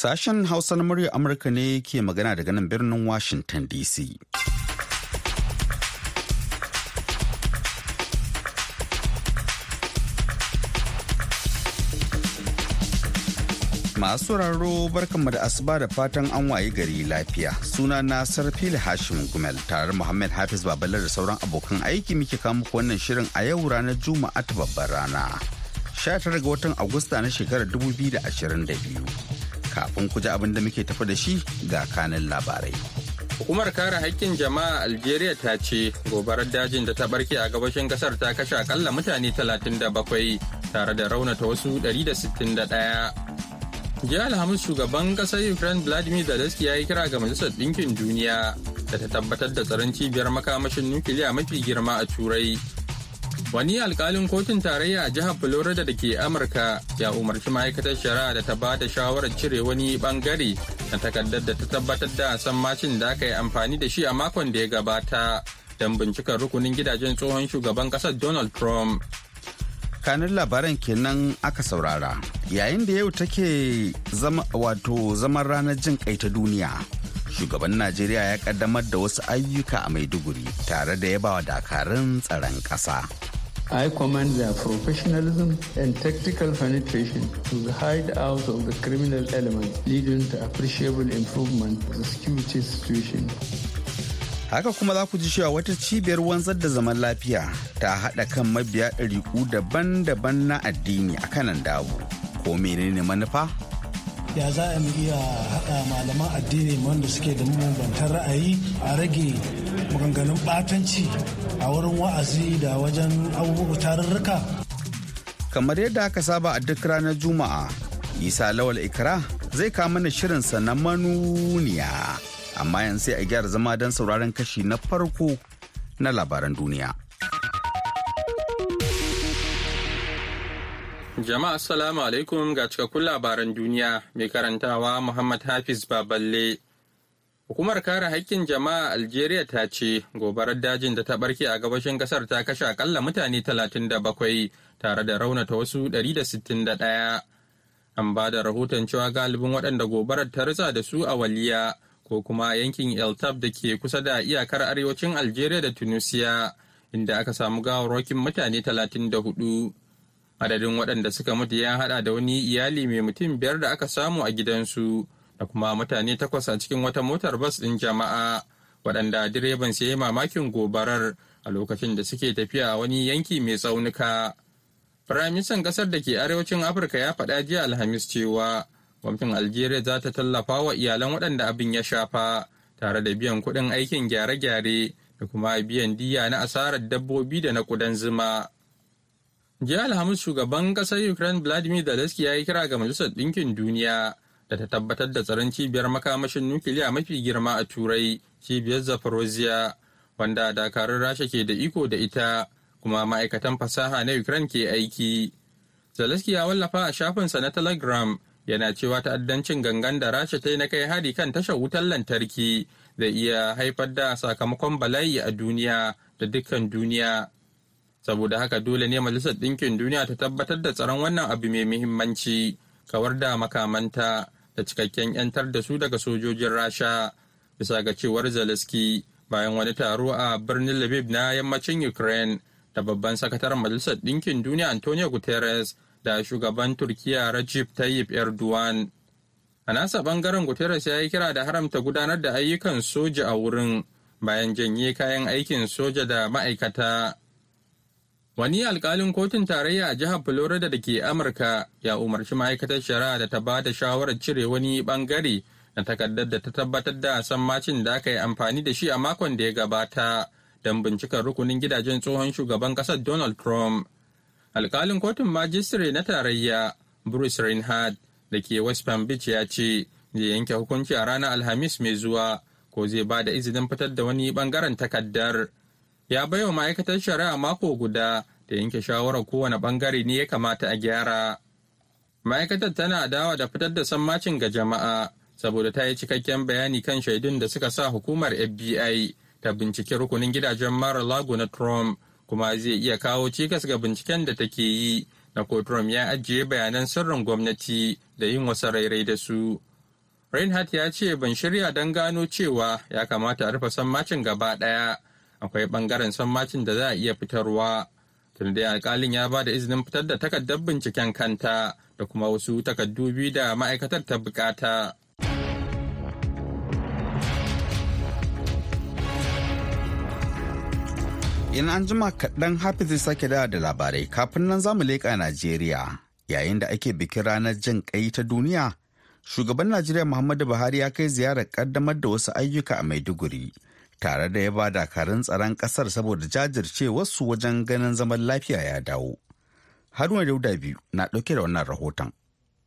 Sashen Hausa na murya Amurka ne ke magana daga nan birnin Washington DC. Masu raro barkanmu da asuba da fatan an waye gari lafiya. Suna na Sarfili Hashim Gumel tare Muhammad Hafiz Babalar da sauran abokan aiki muke muku wannan shirin a yau ranar Juma'a ta babbar rana. 19 ga watan Agusta na shekarar 2022. kafin ku ji abin da muke tafi da shi ga kanin labarai. Hukumar kare haƙƙin jama'a Algeria ta ce gobarar dajin da ta barke a gabashin kasar ta kashe akalla mutane 37 tare da raunata wasu 161. Jiya Alhamis shugaban ƙasar Ukraine Vladimir Zelensky ya yi kira ga Majalisar Ɗinkin Duniya da ta tabbatar da tsaron cibiyar makamashin nukiliya mafi girma a Turai Wani alkalin kotun tarayya a jihar Florida da ke Amurka ya umarci ma'aikatar shari'a da ta ba da shawarar cire wani bangare na takardar da ta tabbatar da sammacin da aka yi amfani da shi a makon da ya gabata don bincikar rukunin gidajen tsohon shugaban kasar Donald Trump. kanin labaran kenan aka saurara yayin da yau take wato zaman ranar jin kai ta duniya shugaban najeriya ya kaddamar da wasu ayyuka a maiduguri tare da wa dakarun tsaron ƙasa. I commend their professionalism and tactical penetration to the hideout of the criminal element, leading to appreciable improvement of the security situation. Haka kuma za ku ji cewa wata cibiyar wanzar da zaman lafiya ta haɗa kan mabiya ɗariku daban-daban na addini a kanan dawo. Ko menene manufa? Ya za a iya haɗa malaman addini wanda suke da mabambantan ra'ayi a rage maganganun batanci a wurin wa'azi da wajen abubuwa tarurruka. kamar yadda aka saba a duk ranar juma'a isa lawal ikra zai kama mana shirinsa na manuniya amma yanzu sai a gyara zama don sauraron kashi na farko na labaran duniya jama'a assalamu alaikum ga cikakkun labaran duniya mai karantawa muhammad hafiz baballe Hukumar kare haƙƙin jama'a Algeria ta ce gobarar dajin da ta barke a gabashin ƙasar ta kashe akalla mutane 37 tare da raunata wasu 161. An ba da rahoton cewa galibin waɗanda gobarar ta ritsa da su a Waliya ko kuma yankin El Tab da ke kusa da iyakar arewacin Algeria da Tunisia inda aka samu gawarwakin mutane 34. Adadin waɗanda suka mutu ya haɗa da wani iyali mai mutum biyar da aka samu a gidansu. da kuma mutane takwas a cikin wata motar bas ɗin jama'a waɗanda direban sai mamakin gobarar a lokacin da suke tafiya a wani yanki mai tsaunuka. Firaministan ƙasar da ke arewacin Afirka ya faɗa jiya Alhamis cewa gwamnatin Algeria za ta tallafa wa iyalan waɗanda abin ya shafa tare da biyan kuɗin aikin gyare-gyare da kuma biyan diya na asarar dabbobi da na ƙudan zuma. Jiya Alhamis shugaban ƙasar Ukraine Vladimir Zelensky ya yi kira ga Majalisar Ɗinkin Duniya da ta tabbatar da tsaron cibiyar makamashin nukiliya mafi girma a turai cibiyar zaporozhia wanda dakarun rasha ke da iko da ita kuma ma'aikatan fasaha na ukraine ke aiki zelensky ya wallafa a shafinsa na telegram yana cewa ta'addancin gangan da rasha ta yi na kai hari kan tashar wutar lantarki da iya haifar da sakamakon bala'i a duniya da dukkan duniya saboda haka dole ne majalisar ɗinkin duniya ta tabbatar da tsaron wannan abu mai muhimmanci kawar da makamanta da cikakken 'yantar da su daga sojojin rasha bisa ga cewar zelensky bayan wani taro a birnin lviv na yammacin ukraine da babban sakataren majalisar ɗinkin duniya antonio guterres da shugaban turkiya rajib tayyip erdogan a nasa bangaren guterres ya yi kira da haramta gudanar da ayyukan soja a wurin bayan janye kayan aikin soja da ma'aikata Wani alkalin kotun tarayya a jihar Florida da ke Amurka ya umarci ma'aikatar shari'a da ta ba da shawarar cire wani bangare na takardar da ta tabbatar da sammacin da aka yi amfani da shi a makon da ya gabata don bincikar rukunin gidajen tsohon shugaban ƙasar Donald Trump. Alkalin kotun majistare na tarayya Bruce Reinhardt da ke West Palm Beach ya ce zai yanke hukunci a ranar Alhamis mai zuwa ko zai ba da izinin fitar da wani bangaren takardar Ya baiwa ma'aikatar shari'a mako guda da yanke shawarar kowane bangare ne ya kamata a gyara. Ma'aikatar tana dawa da fitar da sammacin ga jama'a saboda ta yi cikakken bayani kan shaidun da suka sa hukumar FBI ta binciki rukunin gidajen mara lago na Trump kuma zai iya kawo cikas ga binciken da take yi na ko Trump ya ajiye bayanan sirrin gwamnati da yin wasu rairai da su. Reinhardt ya ce ban shirya don gano cewa ya kamata a rufe sammacin gaba ɗaya akwai ɓangaren sammacin da za a iya fitarwa. tun dai alkalin ya ba da izinin fitar da takardar binciken kanta da kuma wasu takardu biyu da ma'aikatar ta bukata. In an jima kaɗan hafiz sake da da labarai kafin nan zamu leƙa Najeriya yayin da ake bikin ranar jin ƙai ta duniya. Shugaban Najeriya Muhammadu Buhari ya kai ziyarar ƙaddamar da wasu ayyuka a Maiduguri. tare da ya ba dakarun tsaron kasar saboda jajircewarsu wajen ganin zaman lafiya ya dawo. Haruna Dauda biyu na ɗauke da wannan rahoton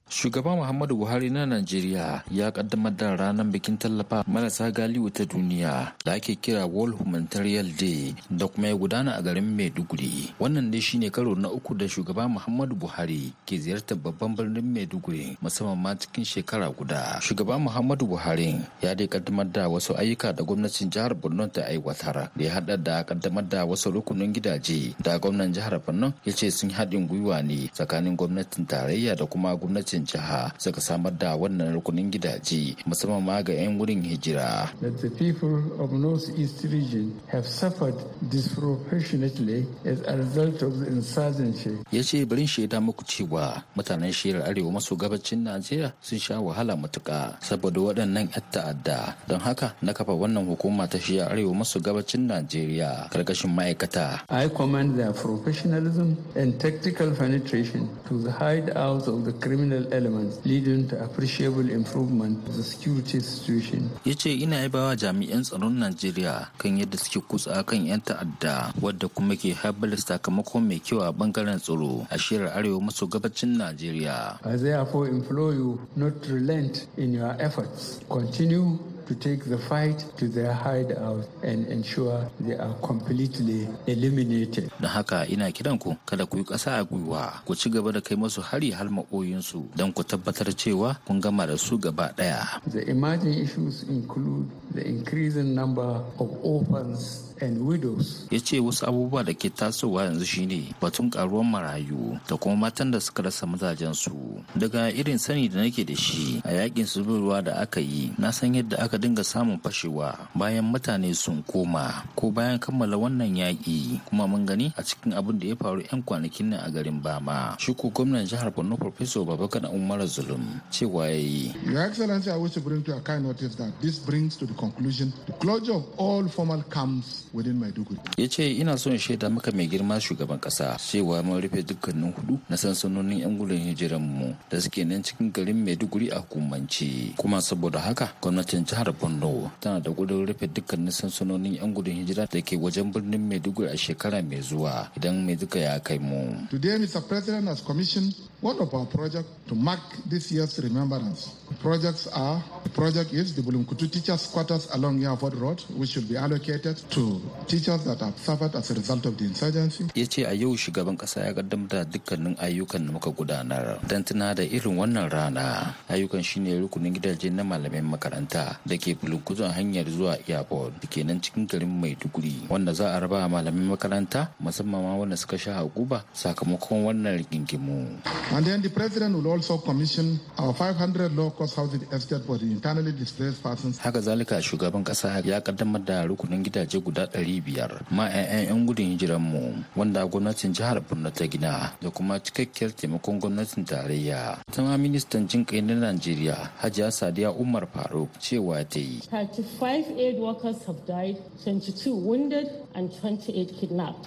Shugaba Muhammadu Buhari na Najeriya ya kaddamar da ranar bikin tallafa marasa galiwu ta duniya da ake kira World Humanitarian Day da kuma ya gudana a garin Maiduguri. Wannan ne shine karo na uku da shugaba Muhammadu Buhari ke ziyartar babban birnin Maiduguri musamman ma cikin shekara guda. Shugaba Muhammadu Buhari ya dai kaddamar da wasu ayyuka da gwamnatin jihar Borno ta aiwatar da ya hada da kaddamar da wasu rukunin gidaje da gwamnan jihar Borno ya ce sun haɗin gwiwa ne tsakanin gwamnatin tarayya da kuma gwamnatin gwamnatin jiha suka samar da wannan rukunin gidaje musamman ma ga 'yan wurin hijira. That the people of North East region have suffered disproportionately as a result of the insurgency. Ya ce barin shaida muku cewa mutanen shirar arewa maso gabacin Najeriya sun sha wahala matuka saboda waɗannan 'yan ta'adda don haka na kafa wannan hukuma ta shiya arewa maso gabacin Najeriya karkashin ma'aikata. I command their professionalism and tactical penetration to the hideouts of the criminal critical elements leading to appreciable improvement of the security situation. Ya ce ina bawa jami'an tsaron Najeriya kan yadda suke kutsa kan 'yan ta'adda wadda kuma ke haɓar sakamako mai kyau a bangaren tsaro a shirar arewa maso gabacin Najeriya. I therefore implore you not to relent in your efforts. Continue to take the fight to their hideout and ensure they are completely eliminated. Don haka ina kiran ku kada ku yi ƙasa a gwiwa ku ci gaba da kai masu hari har maɓoyinsu don ku tabbatar cewa kun gama da su gaba ɗaya. The emerging issues include the increasing number of orphans and widows. ya ce wasu abubuwa da ke tasowa yanzu shine batun karuwar marayu da kuma matan da suka rasa mazajensu daga irin sani da nake da shi a yakin zubarwa da aka yi na san yadda aka dinga samun fashewa bayan mutane sun koma ko bayan kammala wannan yaƙi kuma mun gani a cikin abin da ya faru 'yan kwanakin nan a garin bama shi gwamnan jihar borno professor babakar umar zulum cewa yayi yi your excellency i wish to bring to a kind notice that this brings to the conclusion, the closure of all formal camps within Maiduguri. Ya ce ina son shaida maka mai girma shugaban kasa cewa mun rufe dukkanin hudu na sansanonin 'yan gudun hijiran mu da suke nan cikin garin Maiduguri a hukumance. Kuma saboda haka gwamnatin jihar Borno tana da gudun rufe dukkanin sansanonin 'yan gudun hijira da ke wajen birnin Maiduguri a shekara mai zuwa idan mai duka ya kai mu. Today Mr. President has commissioned One of our projects to mark this year's remembrance projects are the project is the Bulumkutu Teachers Quarters along Yavod Road, which should be allocated to teachers that have suffered as a result of the insurgency. Ya ce a yau shugaban kasa ya kaddam da dukkanin ayyukan da muka gudanar don tuna da irin wannan rana. Ayyukan shine rukunin gidaje na malamin makaranta da ke bulukutun hanyar zuwa Yaford da ke nan cikin garin Maiduguri wanda za a raba malamin makaranta musamman ma wanda suka sha hakuba sakamakon wannan rigingimu. And then the president will also commission our 500 low-cost housing estate for the internally displaced persons. Haka zalika shugaban kasa ya kaddamar da rukunin gidaje guda 500 ma 'ya'yan 'yan gudun hijiran mu wanda gwamnatin jihar Borno ta gina da kuma cikakkiyar taimakon gwamnatin tarayya. Tama ministan jin kai na Najeriya Hajiya Sadiya Umar Faruk cewa ta yi. 35 aid workers have died, 22 wounded,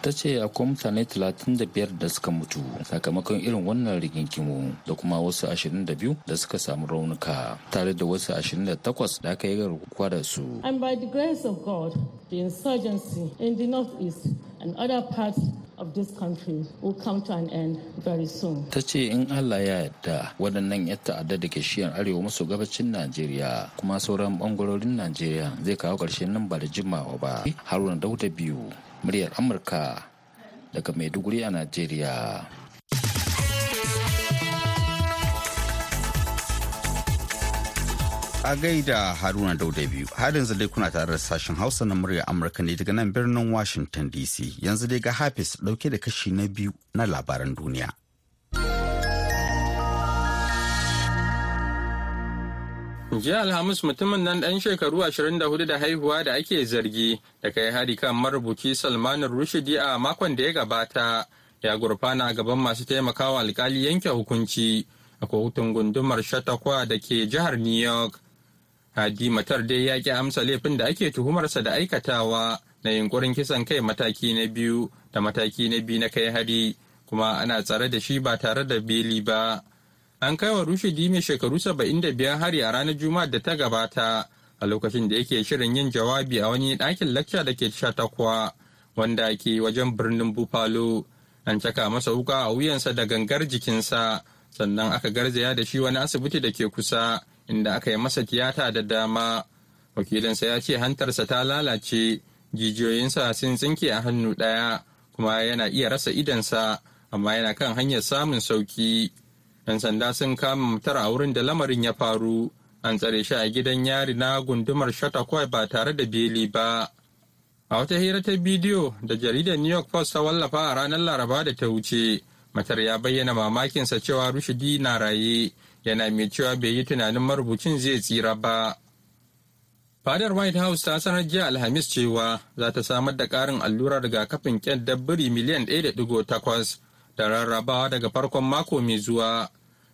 Ta ce akwai mutane 35 da suka mutu sakamakon irin wannan rigingimu da kuma wasu 22 da suka samu raunuka tare da wasu 28 da aka yi garkuwa da su. And by the grace of God, the insurgency in the northeast and other parts of this country will come to Ta ce in Allah ya yarda waɗannan 'yan ta'adda da ke shiyar arewa maso gabacin Najeriya kuma sauran ɓangarorin Najeriya zai kawo ƙarshen nan ba da jimawa ba. Haruna Dauda biyu muryar Amurka daga Maiduguri a Najeriya. a gaida haruna dauda biyu har yanzu dai kuna tare da sashen hausa na murya amurka ne daga nan birnin washington dc yanzu dai ga hafiz dauke da kashi na biyu na labaran duniya jiya alhamis mutumin nan dan shekaru 24 da haihuwa da ake zargi da kai hari kan marubuci salman rushdi a makon da ya gabata ya gurfana a gaban masu taimakawa alkali yanke hukunci a kotun gundumar shatakwa da ke jihar new york Hadi Matar dai ya ƙi amsa laifin da ake tuhumarsa da aikatawa na yunkurin kisan kai mataki na biyu da mataki na biyu na kai hari kuma ana tsare da shi ba tare da beli ba. An kai wa Rushidi mai shekaru saba'in da biyar hari a ranar Juma'a da ta gabata a lokacin da yake shirin yin jawabi a wani ɗakin lacca da ke takwa wanda ke wajen birnin bufalo An caka masa wuka a wuyansa da gangar jikinsa sannan aka garzaya da shi wani asibiti da ke kusa. inda aka yi masa tiyata da dama wakilinsa ya ce hantarsa ta lalace jijiyoyinsa sun tsinke a hannu ɗaya kuma yana iya rasa idansa amma yana kan hanyar samun sauki yan sanda sun kama mutar a wurin da lamarin ya faru an tsare shi a gidan yari na gundumar shatakwai ba tare da beli ba a wata hira ta bidiyo da jaridar new york post ta wallafa a ranar laraba da ta wuce matar ya bayyana mamakinsa cewa rushidi na raye yana mai cewa bai yi tunanin marubucin zai tsira ba. Fadar White House ta sanar jiya Alhamis cewa za ta samar da ƙarin allurar rigakafin kyan dabbiri miliyan 1.8 da rarrabawa daga farkon mako mai zuwa.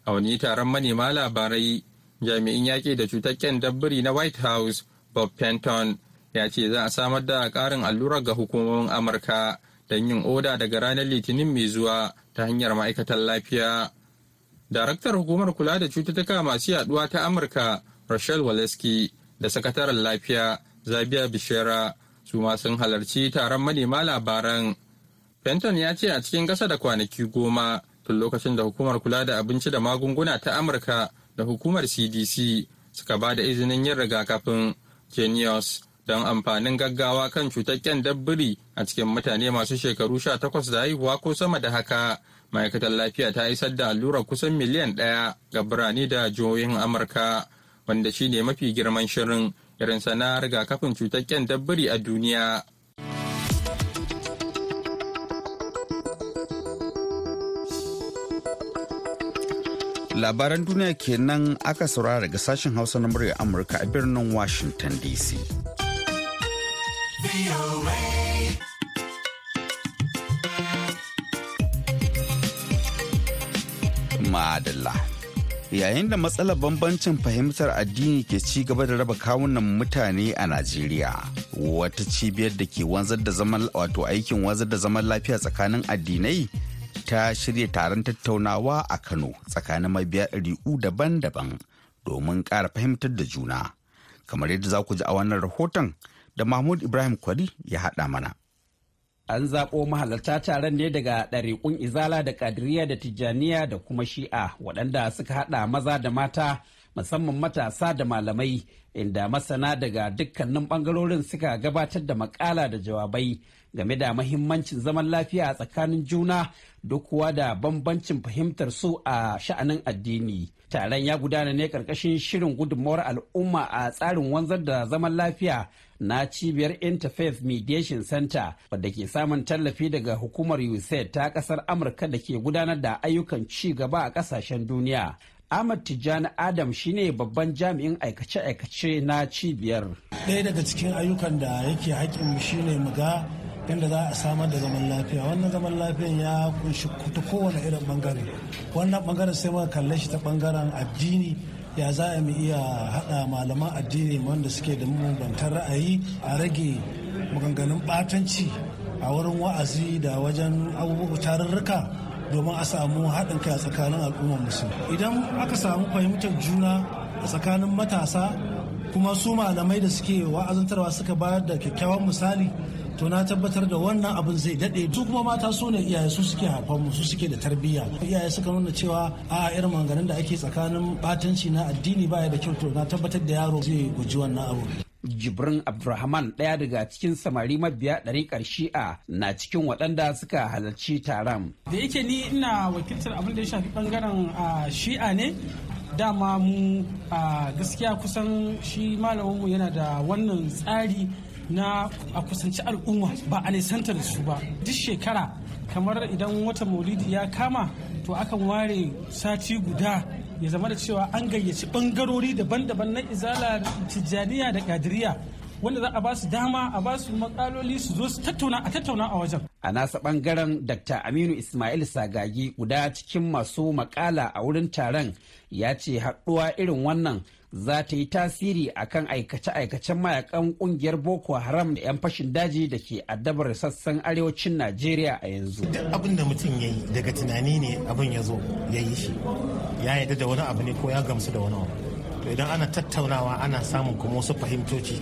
A wani taron manema labarai, jami'in yaƙi da cutar kyan dabbiri na White House Bob Penton ya ce za a samar da ƙarin allurar ga hukumomin Amurka don yin oda daga ranar Litinin mai zuwa ta hanyar ma'aikatan lafiya. Daraktar Hukumar Kula da Cututtuka Masu Yaduwa ta Amurka, Rachel Waleski, da Sakataren Lafiya, Zabiya Bishera, su ma sun halarci taron manema labaran. Fenton ya ce a cikin ƙasa da kwanaki goma tun lokacin da Hukumar Kula da Abinci da Magunguna ta Amurka da Hukumar CDC suka ba da izinin yin rigakafin Genius don amfanin gaggawa kan cutar dabbiri a cikin mutane masu shekaru sha takwas da haihuwa ko sama da haka ma'aikatar lafiya ta isar da allurar kusan miliyan ɗaya ga birane da jihohin amurka wanda shi ne mafi girman shirin irin sana rigakafin cutar ƙyan dabbari a duniya labaran duniya kenan aka saurara daga sashen hausa na murya amurka a birnin washington dc Madalla. Yayin da matsalar bambancin fahimtar addini ke ci gaba da raba kawunan mutane a Najeriya, wata cibiyar da ke wanzar da zaman wato aikin wanzar da zaman lafiya tsakanin addinai ta shirya taron tattaunawa a Kano tsakanin mabiya ɗari'u daban-daban domin ƙara fahimtar da juna. Kamar yadda za ku ji a wannan rahoton da Mahmud Ibrahim Kwari ya haɗa mana. an zaɓo mahalarta taron ne daga ɗariƙun izala da kadiriya da tijjaniya da kuma shi'a waɗanda suka haɗa maza da mata musamman matasa da malamai inda masana daga dukkanin ɓangarorin suka gabatar da maƙala da jawabai game da mahimmancin zaman lafiya a tsakanin juna duk kuwa da bambancin fahimtar su a sha'anin addini. Taron ya gudana ne ƙarƙashin shirin gudunmawar al'umma a tsarin wanzar da zaman lafiya na cibiyar Interfaith Mediation Center wadda ke samun tallafi daga hukumar USAID ta ƙasar Amurka da ke gudanar da ayyukan ci gaba a ƙasashen duniya. Ahmad Tijjani Adam shine babban jami'in aikace-aikace na cibiyar. Ɗaya daga cikin ayyukan da yake mu shine mu ga inda za a samar da zaman lafiya. Wannan zaman lafiyan ya kunshi ta kowane irin bangare. Wannan bangaren sai muka kalle shi ta bangaren addini ya za a mu iya haɗa malaman addini wanda suke da mabantar ra'ayi a rage maganganun ɓatanci a wurin wa'azi da wajen abubuwa tarurruka domin a samu haɗin kai a tsakanin al'ummar musu idan aka samu fahimtar juna a tsakanin matasa kuma su malamai da suke wa'azantarwa suka bayar da kyakkyawan misali to na tabbatar da wannan abin zai daɗe duk kuma mata su ne iyaye su suke haifan mu su suke da tarbiyya iyaye suka nuna cewa a irin manganin da ake tsakanin batanci na addini baya da kyau to na tabbatar da yaro zai guji wannan abu jibrin abdulrahman ɗaya daga cikin samari mabiya ɗari shi'a na cikin waɗanda suka halarci taron da yake ni ina wakiltar abin da ya shafi ɓangaren shi'a ne dama mu a gaskiya kusan shi malaminmu yana da wannan tsari na a kusanci al'umma ba a nisantar da su ba duk shekara kamar idan wata maulidi ya kama to akan ware sati guda ya zama da cewa an gayyaci bangarori daban-daban na izala tijjaniya da kadiriya wanda za a ba su dama a ba su makaloli su zo su tattauna a tattauna a wajen. A nasa bangaren Dr. Aminu Ismail Sagagi guda cikin masu makala a wurin taron ya ce haɗuwa irin wannan za ta yi tasiri a kan aikace-aikacen mayakan kungiyar boko haram da 'yan fashin daji da ke addabar sassan arewacin najeriya a yanzu duk abin da mutum ya yi daga tunani ne abin ya zo ya yi shi ya yarda da wani abu ne ko ya gamsu da wani abu to idan ana tattaunawa ana samun kuma wasu fahimtoci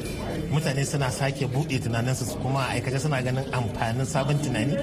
mutane suna sake buɗe tunaninsu kuma a aikace suna ganin amfanin sabon tunani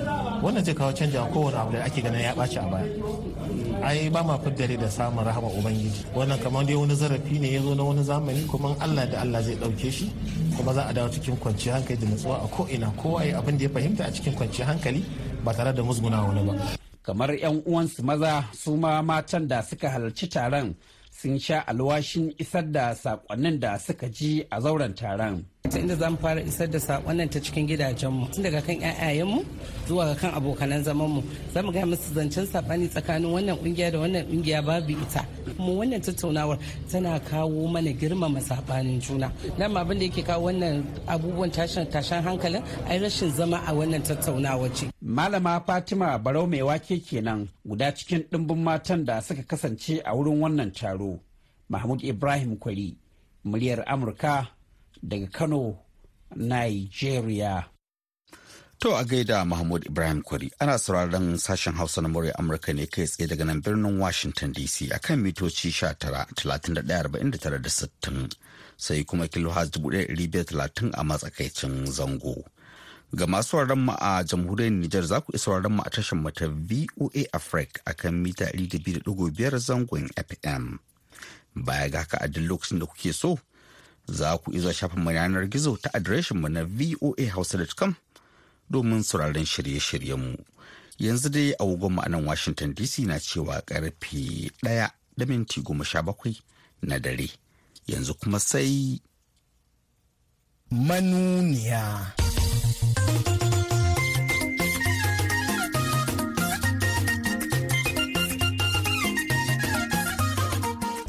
wannan zai kawo canja kowane abu da ake ganin ya ɓaci a baya ai ba ma fiddare da samun rahama ubangiji wannan kamar dai wani zarafi ne ya zo na wani zamani kuma allah da allah zai ɗauke shi kuma za a dawo cikin kwanciyar hankali da nutsuwa a ko'ina kowa ya abin da ya fahimta a cikin kwanciyar hankali ba tare da musguna wani ba kamar 'yan uwansu maza su ma matan da suka halarci taron sun sha alwashin isar da saƙonnin da suka ji a zauren taron. ta inda za mu fara isar da saƙon ta cikin gidajenmu tun daga kan 'ya'yayenmu zuwa ga kan abokanan zamanmu za mu gaya musu zancen saɓani tsakanin wannan ƙungiya da wannan ƙungiya babu ita kuma wannan tattaunawar tana kawo mana girmama saɓanin juna ma abin da yake kawo wannan abubuwan tashin tashin hankalin ai rashin zama a wannan tattaunawar ce. malama fatima barau mai wake kenan guda cikin ɗimbin matan da suka kasance a wurin wannan taro mahmud ibrahim kwari muryar amurka daga Kano, Nigeria. To a gaida Mahmud Ibrahim Kwari ana sauraron sashen Hausa na murya Amurka ne kai tsaye daga nan birnin Washington DC a kan mitoci 19,39,60 sai kuma kilohaz 1,530 a matsakaicin zango. Ga masu sauraron mu a jamhuriyar Nijar za ku isa sauraron mu a tashar mata VOA Africa a kan mita 200.5 zangon FM. Baya ga haka a duk lokacin da kuke so za ku izo shafin mu yanar gizo ta adireshin mu na voahausa.com domin sauraron shirye-shiryenmu. Yanzu dai a mu a nan Washington DC na cewa karfe ɗaya da minti goma sha bakwai na dare. Yanzu kuma sai manuniya.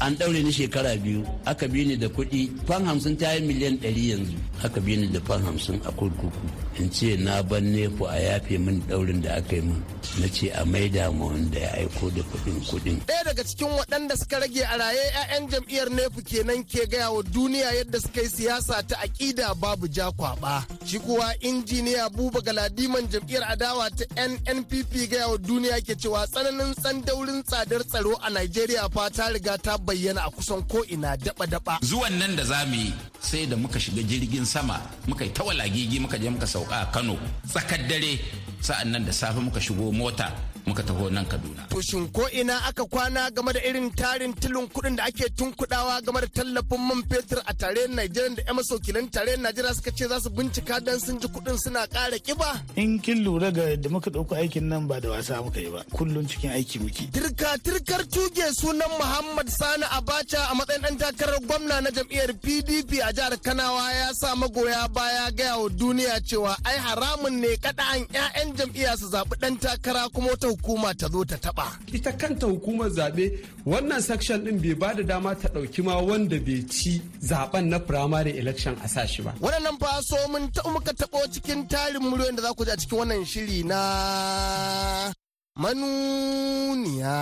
an daure ni shekara biyu aka bi ni da kuɗi fan hamsin ta yi miliyan ɗari yanzu aka bi ni da fan hamsin a kurkuku in ce na ban nefu a yafe min daurin da aka yi min na ce a maida ma wanda ya aiko da kuɗin kuɗin. ɗaya daga cikin waɗanda suka rage a raye 'ya'yan jam'iyyar nefu kenan ke gaya wa duniya yadda suka yi siyasa ta aƙida babu ja kwaɓa shi kuwa injiniya buba galadiman jam'iyyar adawa ta nnpp gaya wa duniya ke cewa tsananin daurin tsadar tsaro a najeriya fa ta riga ta bayyana a kusan ko ina daɓa. daɓa zuwan nan da za mu yi sai da muka shiga jirgin sama muka yi tawala gigi muka je muka sauka a kano tsakar dare sa'an nan da safe muka shigo mota muka taho nan kaduna to shin ko ina aka kwana game da irin tarin tilin kuɗin da ake tunkuɗawa game da tallafin man fetur a tare Najeriya da 'yan masokilan tare Najeriya suka ce za su bincika don sun ji kuɗin suna ƙara ƙiba in kin lura ga da muka ɗauko aikin nan ba da wasa muka yi ba kullum cikin aiki muke turka turkar tuge sunan Muhammad Sani Abacha a matsayin ɗan takarar gwamna na jam'iyyar PDP a jihar Kanawa ya sa magoya baya gaya wa duniya cewa ai haramun ne kaɗa'an 'ya'yan jam'iyya su zaɓi ɗan takara kuma wata hukuma ta zo ta taba ita kanta hukumar zaɓe wannan section ɗin bai bada dama ta ɗauki ma wanda bai ci zaɓen na primary election a sashi ba waɗannan fa so mun ta muka tabo cikin tarin muryoyin da za ku ji a cikin wannan shiri na manuniya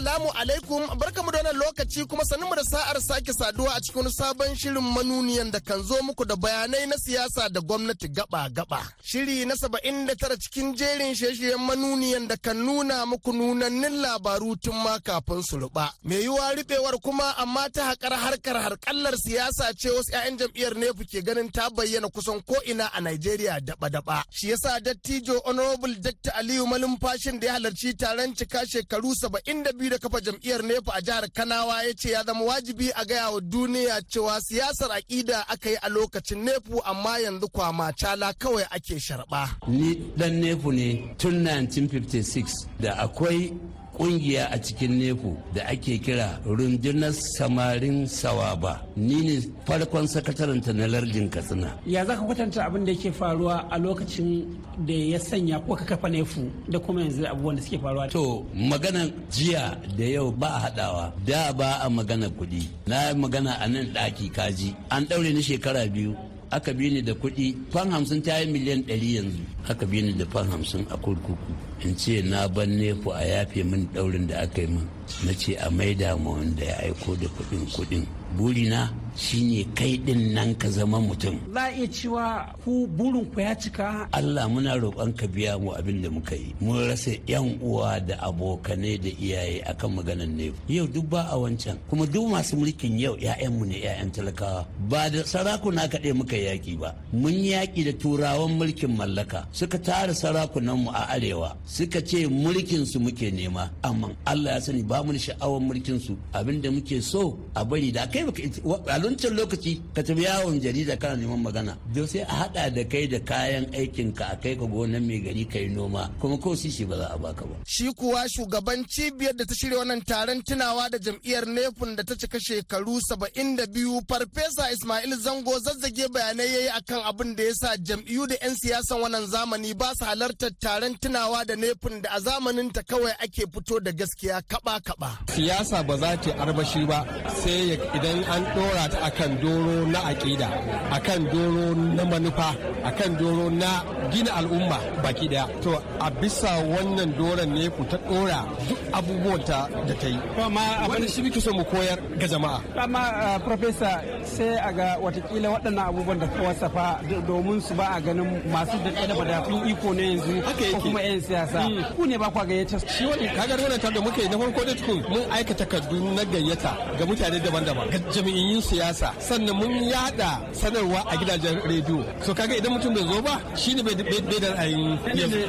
Assalamu alaikum barkamu da wannan lokaci kuma sanin da sa'ar sake saduwa a cikin sabon shirin manuniyan da kan zo muku da bayanai na siyasa da gwamnati gaba-gaba. Shiri na saba'in da tara cikin jerin shirye-shiryen manuniyan da kan nuna muku nunannin labaru tun ma kafin su ruba. Me yiwa rubewar kuma amma ta haƙar harkar harƙallar siyasa ce wasu 'ya'yan jam'iyyar nefu ke ganin ta bayyana kusan ko'ina a Najeriya daba-daba. Shi yasa dattijo Honorable Dr. Aliyu Malumfashin da ya halarci taron cika shekaru saba'in da biyu da kafa jam'iyyar nefa a jihar kanawa ya ce ya zama wajibi a gaya wa duniya cewa siyasar aƙida aka yi a lokacin nefu amma yanzu kwama cala kawai ake sharɓa. ni dan nefu ne tun 1956 da akwai kungiya a cikin nepo da ake kira rundunar samarin sawaba ni ne farkon sakataranta na lardin katsina ya za ka kwatanta abin da yake faruwa a lokacin da ya sanya ko ka kafa nefu da kuma yanzu abubuwan da suke faruwa to magana jiya da yau ba a haɗawa da ba a magana kuɗi na magana a nan daki kaji an ɗaure ni shekara biyu aka bi ni da kuɗi fan hamsin ta yi miliyan ɗari yanzu aka bi ni da fan hamsin a kurkuku in ce na ban nefu a yafe min daurin da aka yi min na ce a maida ma wanda ya aiko da kudin kudin burina shine kai din nan ka zama mutum za a iya cewa ku burin ku ya cika Allah muna roƙon ka biya mu abin da muka yi mun rasa yan uwa da abokanai da iyaye akan maganan ne yau duk ba a wancan kuma duk masu mulkin yau ƴaƴan mu ne ya'yan talakawa ba da sarakuna kaɗai muka yi yaki ba mun yaki da turawan mulkin mallaka suka tara sarakunan mu a arewa suka ce mulkinsu muke nema amma Allah ya sani ba mu sha'awar mulkinsu su abinda muke so a bari da kai a lokaci ka tafi yawon jarida kana neman magana da sai a hada da kai da kayan aikin ka a kai ka gonan mai gari kai noma kuma ko shi ba za a baka ba shi kuwa shugaban cibiyar da ta shirya wannan taron tunawa da jam'iyyar nefun da ta cika shekaru saba'in da biyu farfesa ismail zango zazzage bayanai yayi akan abin da ya sa jam'iyyu da 'yan siyasan wannan zamani ba su halartar taron tunawa da nefin da a zamanin ta kawai ake fito da gaskiya kaba-kaba. Siyasa ba za ta arbashi ba sai idan an dora ta akan doro na aƙida, akan doro na manufa, akan doro na gina al'umma baki ɗaya. To a bisa wannan doron ne ku ta ɗora duk abubuwan ta da ta yi. Wani shi muke so mu koyar ga jama'a. Amma uh, Profesa sai a ga watakila waɗannan abubuwan da ka wasafa domin su ba a ganin masu da da madafin iko ne yanzu ko kuma 'yan siyasa. kasa mm. ku ne ba kwa gayyata shi wani kagar wannan ta muke na farko da tukun mun aika takardu na gayyata ga mutane daban-daban ga jami'in siyasa sannan mun yada sanarwa a gidajen rediyo so kaga idan mutum bai zo ba shi ne bai da ayin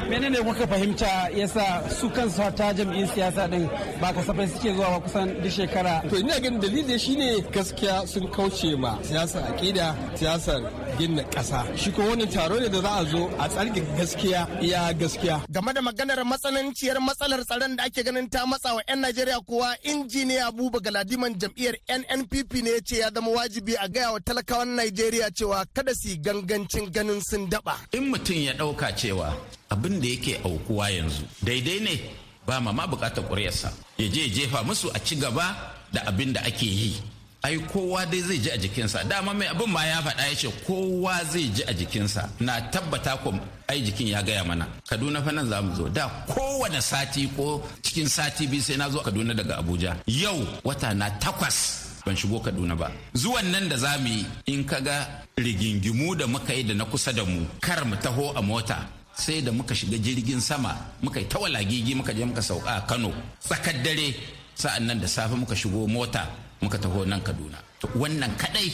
menene kuka fahimta yasa su kansu ta jami'in siyasa din ba kasafai suke zuwa ba kusan duk shekara to ina ganin dalili shine gaskiya sun kauce ma siyasa akida siyasar gina kasa shi ko wannan taro ne da za a zo a tsarki gaskiya iya gaskiya game da maganar matsananciyar matsalar tsaron da ake ganin ta matsa wa 'yan Najeriya kuwa injiniya Abuba Galadiman jam'iyyar NNPP ne ya ce ya zama wajibi a gaya wa talakawan Najeriya cewa kada su gangancin ganin sun daba. In mutum ya ɗauka cewa abin da yake aukuwa yanzu daidai ne ba ma ma bukatar ƙuryarsa ya je jefa musu a ci gaba da abin da ake yi ai kowa dai zai ji a jikinsa dama mai abin ma ya faɗa ya ce kowa zai ji a jikinsa na tabbata ko ai jikin ya gaya mana kaduna fa nan za mu zo da kowane sati ko cikin sati biyu sai na zo kaduna daga abuja yau wata na takwas ban shigo kaduna ba zuwan nan da za mu yi in ka ga rigingimu da muka yi da na kusa da mu kar mu taho a mota sai da muka shiga jirgin sama muka yi walagigi muka je muka sauka a kano tsakar dare sa'an nan da safe muka shigo mota muka taho nan kaduna wannan kadai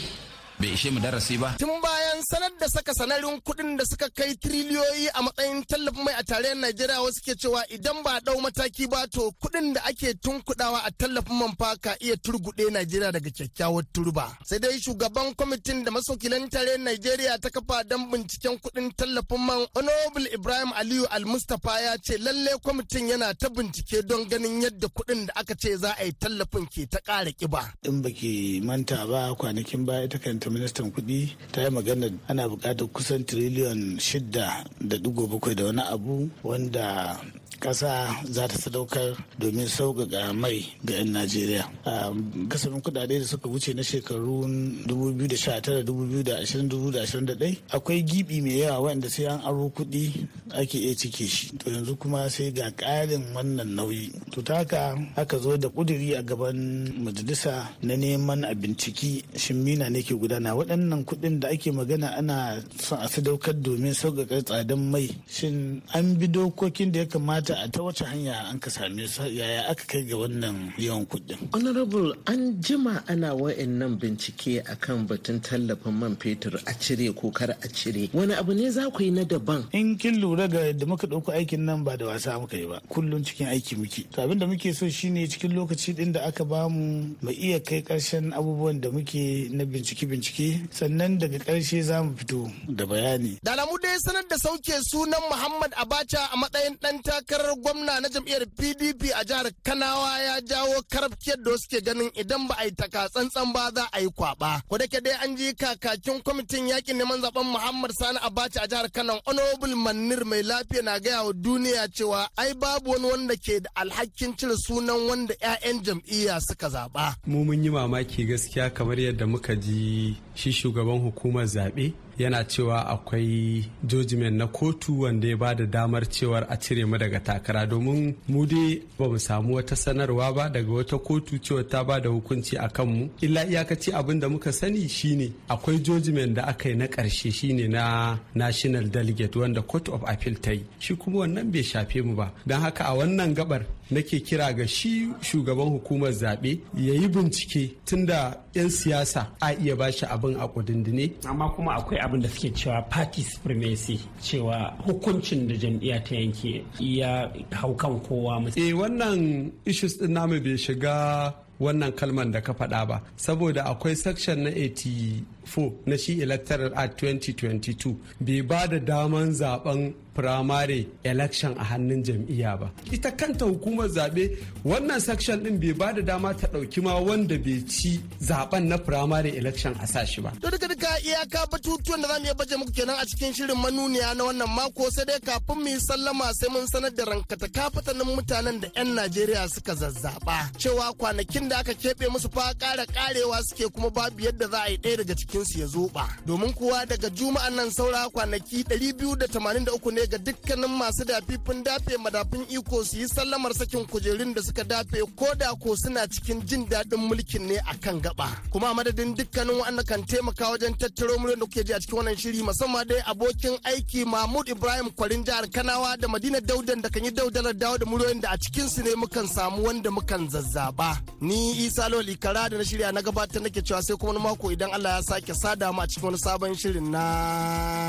bai ishe mu darasi ba. Tun bayan sanar da saka sanarin kuɗin da suka kai tiriliyoyi a matsayin tallafin mai a tarayyar Najeriya wasu ke cewa idan ba dau mataki ba to kuɗin da ake tunkuɗawa a tallafin man fa ka iya turgude Najeriya daga kyakkyawar turba. Sai dai shugaban kwamitin da masokilan tarayyar Najeriya ta kafa don binciken kuɗin tallafin man Honorable Ibrahim Aliyu Al-Mustapha ya ce lalle kwamitin yana ta bincike don ganin yadda kuɗin da aka ce za a yi tallafin ke ta ƙara ƙiba. In baki manta ba kwanakin baya ta kanta ta ministan kudi ta yi magana ana bukatar kusan tiriliyon shida da bakwai da wani abu wanda ƙasa za ta sadaukar domin sauƙaƙa mai ga 'yan najeriya a kasarin kudade da suka wuce na shekaru 2019-2021 akwai gibi mai yawa wanda sai an aro kuɗi ake iya cike shi to yanzu kuma sai ga ƙarin wannan nauyi to ta haka aka zo da ƙuduri a gaban majalisa na neman a binciki shimmina ne ke gudana waɗannan kuɗin da ake magana ana son a sadaukar domin sauƙaƙa tsadan mai shin an bi dokokin da ya kamata kamata a ta wace hanya an ka same su yaya aka kai ga wannan yawan kuɗin. honorable an jima ana nan bincike a kan batun tallafin man fetur a cire ko kar a cire wani abu ne za ku yi na daban in kin lura ga da muka ɗauko aikin nan ba da wasa muka yi ba kullum cikin aiki muke to abin da muke so shine cikin lokaci ɗin da aka bamu mu iya kai ƙarshen abubuwan da muke na bincike-bincike sannan daga ƙarshe za mu fito da bayani da alamu dai sanar da sauke sunan muhammad abacha a matsayin ɗan takarar gwamna na jam'iyyar pdp a jihar kanawa ya jawo karafkiyar da suke ganin idan ba a yi taka tsantsan ba za a yi kwaba ko da dai an ji kakakin kwamitin yakin neman zaben muhammad sani abacha a jihar kano honorable manir mai lafiya na gaya wa duniya cewa ai babu wani wanda ke da alhakin cire sunan wanda 'ya'yan jam'iyya suka zaba mu mun yi mamaki gaskiya kamar yadda muka ji shi shugaban hukumar zaɓe yana cewa akwai jojimen na kotu wanda ya ba da damar cewar a cire mu daga takara domin mu dai ba mu samu wata sanarwa ba daga wata kotu cewa ta ba da hukunci a kanmu illa iyakaci abin da muka sani shine akwai jojimen da aka yi na karshe shine na national delegate wanda court of appeal ta yi shi kuma wannan bai shafe mu ba don haka a wannan gabar nake kira ga shi shugaban hukumar zaɓe ya yi bincike tunda 'yan siyasa a iya ba shi abin a kudindine. amma kuma akwai abin da suke cewa party supremacy cewa hukuncin da jam'iyya ta yanke iya haukan kowa eh wannan issues din namu bai shiga wannan kalman da ka faɗa ba saboda akwai section na 84 na shi electoral act 2022 bai ba da daman zaben firamare election a hannun jam'iyya ba ita kanta hukumar zaɓe wannan section ɗin bai ba da dama ta ɗauki ma wanda bai ci zaben na firamare election a sa shi ba to duka duka iyaka batutuwan da mu iya baje muku kenan a cikin shirin manuniya na wannan mako sai dai kafin mu yi sallama sai mun sanar da rankata kafatanin mutanen da 'yan Najeriya suka zazzaba cewa kwanakin da aka keɓe musu fa ƙara ƙarewa suke kuma babu yadda za a yi ɗaya daga cikinsu ya zoɓa domin kuwa daga juma'an nan saura kwanaki 283 ne daga ga dukkanin masu dafifin dafe madafin iko su yi sallamar sakin kujerun da suka dafe ko da ko suna cikin jin daɗin mulkin ne a kan gaba. Kuma madadin dukkanin wa'anda kan taimaka wajen tattaro muryar da kuke ji a cikin wannan shiri musamman dai abokin aiki Mahmud Ibrahim Kwarin jihar Kanawa da Madina Daudan da kan yi daudalar dawo da muryoyin da a cikin su ne mukan samu wanda mukan zazzaba. Ni Isa Loli Kara da na shirya na gabatar nake cewa sai kuma mako idan Allah ya sake sada mu a cikin wani sabon shirin na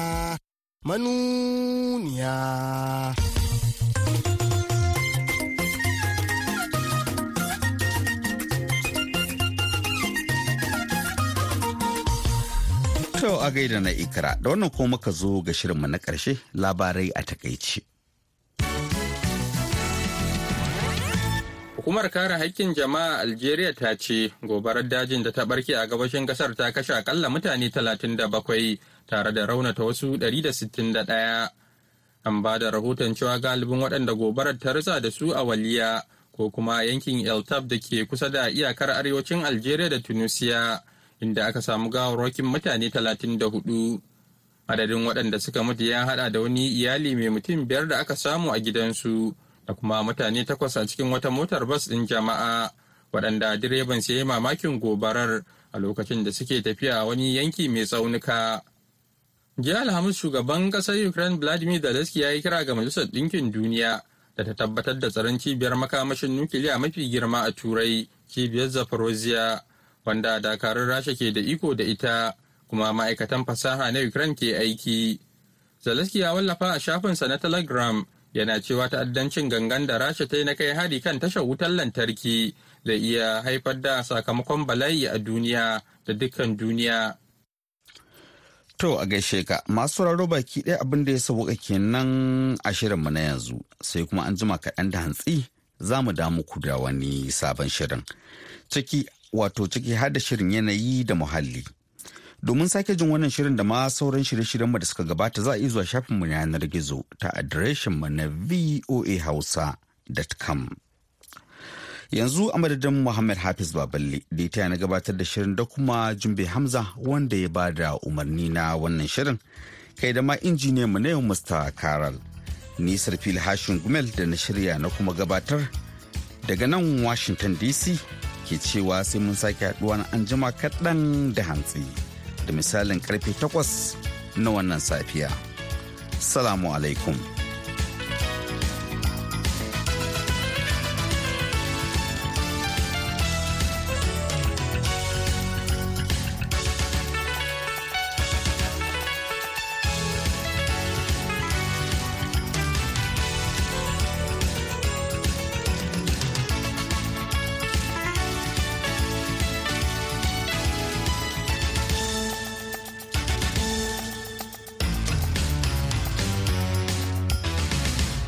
manuniya. To a gaida na ikira da wannan kuma muka zo ga shirinmu na ƙarshe labarai a takaici. Hukumar kare haƙƙin jama'a Algeria ta ce gobarar dajin da ta barke a gabashin ƙasar ta kashe akalla mutane 37 tare da raunata wasu 161 an ba da rahoton cewa galibin waɗanda gobarar ta rusa da su a waliya ko kuma yankin eltab da ke kusa da iyakar arewacin algeria da tunisia inda aka samu gawarwakin mutane 34 adadin waɗanda suka mutu ya haɗa da wani iyali mai mutum biyar da aka samu a gidansu da kuma mutane takwas a cikin wata motar bas ɗin jama'a waɗanda direban sai mamakin gobarar a lokacin da suke tafiya wani yanki mai tsaunuka Jiya Alhamis shugaban ƙasar Ukraine Vladimir Zelensky ya yi kira ga Majalisar Ɗinkin Duniya da ta tabbatar da tsaron cibiyar makamashin nukiliya mafi girma a Turai, cibiyar zaporozhia wanda dakarun Rasha ke da iko da ita kuma ma'aikatan fasaha na Ukraine ke aiki. Zelensky ya wallafa a shafinsa na Telegram yana cewa ta'addancin gangan da Rasha ta yi na kai hari kan tashar wutar lantarki da iya haifar da sakamakon bala'i a duniya da dukkan duniya. To a gaishe ka masu sauraro baki ɗaya abin da ya sauka kenan a shirinmu na yanzu sai kuma an jima kaɗan da hantsi za mu da muku da wani sabon shirin. Ciki wato ciki har da shirin yanayi da muhalli. Domin sake jin wannan shirin da ma sauran shirye-shiryenmu da suka gabata za a iya zuwa shafinmu na yanar gizo ta adireshinmu na voahausa.com. yanzu a madadin muhammad hafiz baballe da ita na gabatar da shirin da kuma jumbe hamza wanda ya ba da umarni na wannan shirin kai da ma injiniya mu na yau mr karal Ni fil hashin gumel da na shirya na kuma gabatar daga nan washington dc ke cewa sai mun sake haduwa na an jima kaɗan da hantsi da misalin karfe takwas na wannan safiya salamu alaikum